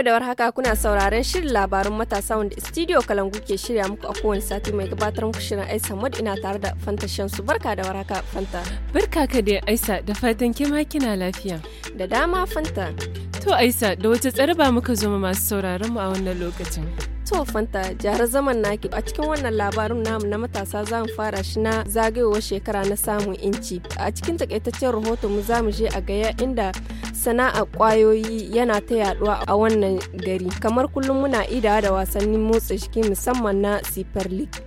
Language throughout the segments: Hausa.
mu da warhaka kuna sauraron shirin labarun matasa wanda studio Kalangu ke shirya muku a kowane sati mai gabatar muku shirin Aisa Mod ina tare da Fanta su barka da warhaka Fanta. Barka ka da Aisa da fatan kima kina lafiya. Da dama Fanta. To Aisa da wata tsaraba muka zo masu sauraron mu a wannan lokacin. To Fanta, jihar zaman naki a cikin wannan labarin namu na matasa za mu fara shi na zagayowar shekara na samun inci. A cikin takaitaccen rahoton mu za mu je a gaya inda sana'a kwayoyi yana ta yaduwa a wannan gari. Kamar kullum muna idawa da wasannin motsa jiki musamman na Super League.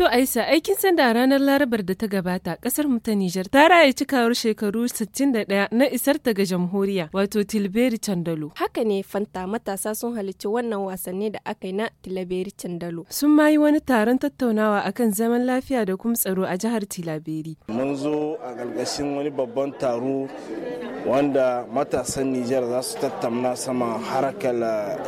To Aisha, aikin sanda ranar Larabar da ta gabata kasar mu ta Nijar ta raya cikawar shekaru 61 na isar ta ga jamhuriya wato Tilberi Candalo. Haka ne fanta matasa sun halicci wannan wasanni da aka yi na Tilberi Candalo. Sun ma yi wani taron tattaunawa akan zaman lafiya da kuma tsaro a jihar Tilaberi. Mun zo a galgashin wani babban taro wanda matasan Nijar za su tattauna sama harakar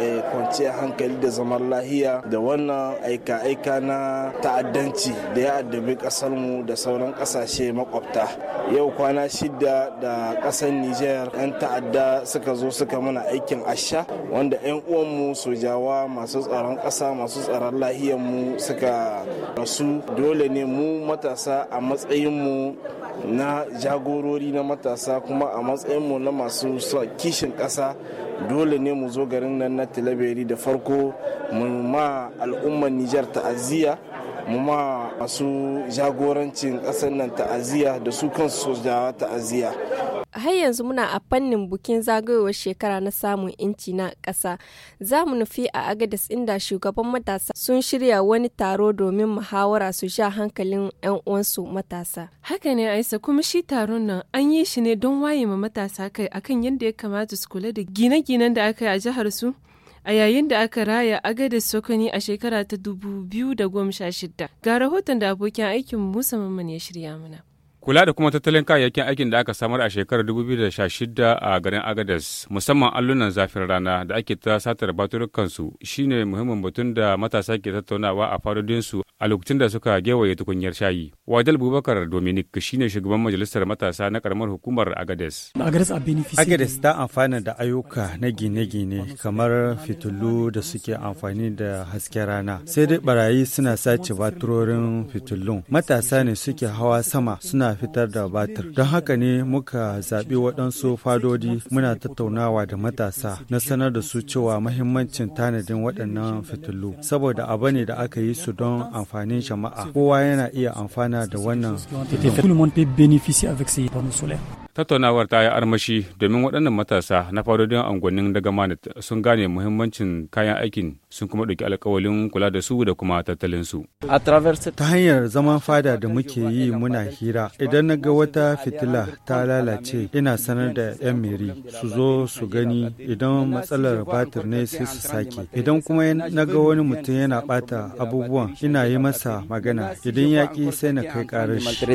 eh, kwanciyar hankali da zaman lahiya da wannan aika-aika na ta'addanci ta'addanci da ya addabi mu da sauran ƙasashe makwabta yau kwana shida da ƙasar nijar 'yan ta'adda suka zo suka mana aikin asha wanda 'yan uwanmu sojawa masu tsaron ƙasa masu tsaron mu suka rasu dole ne mu matasa a matsayinmu na jagorori na matasa kuma a matsayinmu na masu kishin ƙasa dole ne mu zo garin nan na tilaberi da farko mu ma al'ummar nijar ta'aziyya mu ma masu jagorancin ƙasar nan ta'aziyya da su kansu sojawa ta'aziyya har yanzu muna a fannin bukin zagayowar shekara na samun inci na ƙasa za mu nufi a agadas inda shugaban matasa sun shirya wani taro domin muhawara su sha hankalin 'yan uwansu matasa haka ne aisa kuma shi taron nan an yi shi ne don waye ma matasa kai akan yadda ya kamata su kula da gine-ginen da aka yi a jihar su a yayin da aka raya agadis sokoni a shekara ta 2016 ga rahoton da abokin aikin musamman ya shirya mana. Kula da kuma tattalin kayayyakin aikin da aka samar a shekarar 2016 a garin Agadez, musamman allunan zafin rana da ake ta satar baturukansu shine muhimmin batun da matasa ke tattaunawa a fadodinsu a lokacin da suka gewaye tukunyar shayi. Wadal Bubakar Dominic shine shugaban majalisar matasa na karamar hukumar Agadez. Agadez ta amfana da ayyuka na gine-gine kamar fitilu da suke amfani da hasken rana. Sai dai barayi suna sace baturorin fitilun. Matasa ne suke hawa sama suna fitar da batir. Don haka ne muka zaɓi waɗansu fadodi muna tattaunawa da matasa na sanar da su cewa mahimmancin tanadin waɗannan fitilu. Saboda abu ne da aka yi su don amfanin jama'a. Kowa yana iya amfana da wannan. Tattaunawar ta yi armashi domin waɗannan matasa na fadodin unguwannin daga Manit sun gane muhimmancin kayan aikin sun kuma ɗauki alkawalin kula da su da kuma tattalin su. Ta hanyar zaman fada da muke yi muna hira idan na ga wata fitila ta lalace ina sanar da 'yan meri su zo su gani idan matsalar batir ne sai su sake idan kuma na ga wani mutum yana bata abubuwan ina yi masa magana idan yaƙi sai na kai ƙarar shi.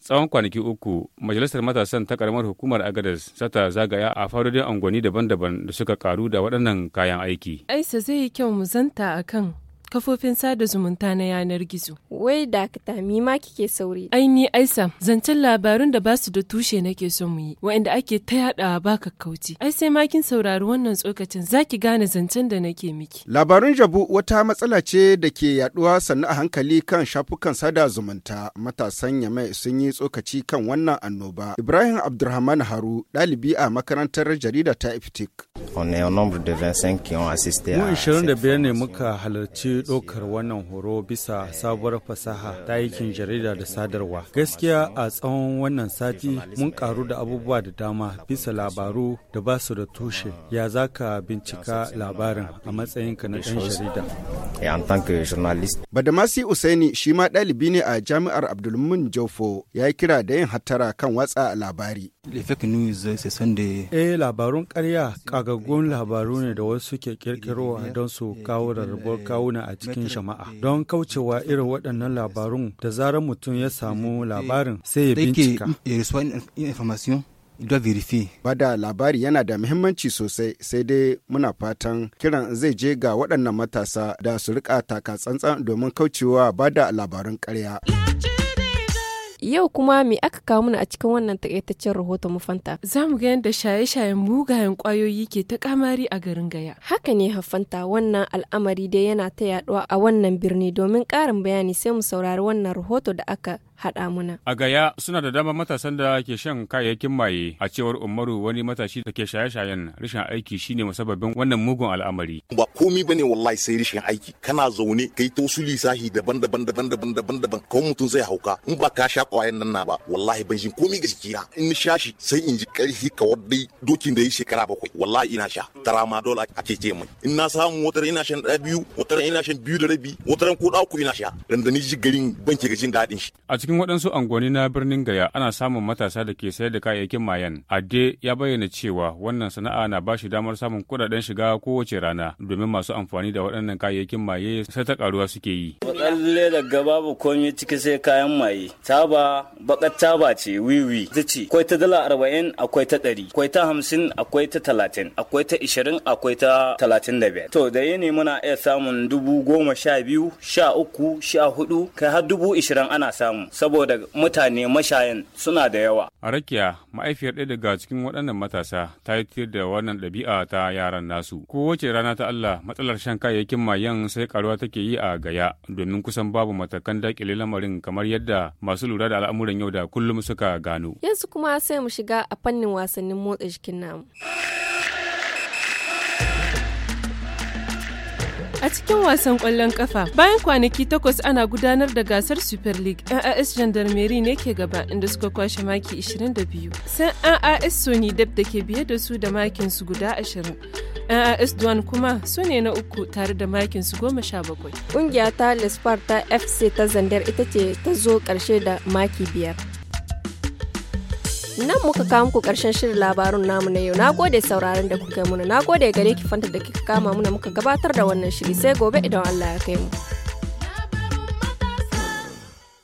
tsawon kwanaki uku majalisar matasan ta karamar hukumar agadar Sata zagaya a farudin angoni daban-daban da suka karu da waɗannan kayan aiki aisa zai yi kyau mu zanta akan kafofin sada zumunta na yanar gizo. Wai da mi ma kike sauri. Ai ni Aisa, zancen labarun da basu da tushe nake so mu yi, waɗanda ake ta yaɗawa ba kauci Ai sai ma kin saurari wannan tsokacin zaki gane zancen da nake miki. Labarun jabu wata matsala ce da ke yaɗuwa sannu a hankali kan shafukan sada zumunta. Matasan Yamai sun yi tsokaci kan wannan annoba. Ibrahim Abdulrahman Haru, ɗalibi a makarantar jarida ta Iftik. Mun 25 ne muka halarci ɗaukar wannan horo bisa sabuwar fasaha ta aikin jarida da sadarwa. Gaskiya a tsawon wannan sati mun karu da abubuwa da dama bisa labaru da ba su da tushe. Ya za ka bincika labarin a matsayinka na ɗan jarida. Eh, eh, Badamasi Usaini shi ma ɗalibi ne a jami'ar Abdulmun jofo ya yi kira da yin hattara kan watsa labari. Eh, eh labarun ƙarya ƙagaggun labaru ne da wasu ke kirkirowa don su kawo rarrabuwar kawuna a cikin shama'a don kaucewa irin waɗannan labarun da zarar mutum ya samu labarin sai ya bincika eh, da labari yana da muhimmanci sosai sai dai muna fatan kiran zai je ga waɗannan matasa da su rika taka tsantsan domin kaucewa bada labarun ƙarya. Yau kuma me aka kawo mana a cikin wannan takaitaccen rahoton fanta? Za mu ga yadda shaye-shayen mugayen kwayoyi ke ta kamari a garin Gaya. Haka ne fanta, wannan al'amari dai yana ta yaduwa a wannan birni domin ƙarin bayani sai mu saurari wannan rahoto da aka haɗa muna. A gaya suna da dama matasan da ke shan kayayyakin maye a cewar Umaru wani matashi da ke shaye-shayen rashin aiki shine musababin wannan mugun al'amari. Ba komi bane wallahi sai rashin aiki kana zaune kai ta wasu lissafi daban-daban daban-daban daban-daban kawai mutum zai hauka in ba ka sha ƙwayan nan na ba wallahi ban jin komi ga in ni sha shi sai in ji ƙarfi kawar dai dokin da ya shekara bakwai wallahi ina sha tara ma dole a ce mai in na samu wata ina shan ɗaya biyu wata ina shan biyu da rabi wata ko ɗaku ina sha dan da ni ji garin ban ke ga jin daɗin shi. cikin waɗansu angoni na birnin Gaya ana samun matasa da ke sayar da kayayyakin mayan. Ade ya bayyana cewa wannan sana'a na ba shi damar samun kuɗaɗen shiga kowace rana domin masu amfani da waɗannan kayayyakin maye sai ta karuwa suke yi. da daga babu komai ciki sai kayan maye. Taba bakar taba ce wiwi ta akwai ta dala arba'in akwai ta ɗari akwai ta hamsin akwai ta talatin akwai ta ishirin akwai ta talatin da biyar. To da yini muna iya samun dubu goma sha biyu sha uku sha hudu kai har dubu ishirin ana samu. saboda mutane mashayan suna da yawa. A rakiya ma'aifiyar ɗaya daga cikin waɗannan matasa ta yi tir da wannan ɗabi'a ta yaran nasu. Kowace rana ta Allah matsalar shan kayayyakin mayan sai karuwa take yi a gaya domin kusan babu matakan daƙile lamarin kamar yadda masu lura da al'amuran yau da kullum suka gano. Yanzu kuma sai mu shiga a fannin wasannin motsa jikin namu. A cikin wasan ƙwallon ƙafa, bayan kwanaki takwas ana gudanar da gasar Super League, NAS Gendarmerie ne ke gaba inda suka kwashe maki 22. Sai NAS Sony Dep da ke biye da su da makin su guda 20. NAS Duan kuma su ne na uku tare da makin su goma sha bakwai. Ƙungiya ta Lesparta FC ta Zandar ita ce ta zo ƙarshe da maki biyar. nan muka kawo muku karshen shirin labarun namu na yau na nagode sauraron da kuka yi muna nagode gare ki fanta da kika kama muna muka gabatar da wannan shiri sai gobe idan Allah ya kai mu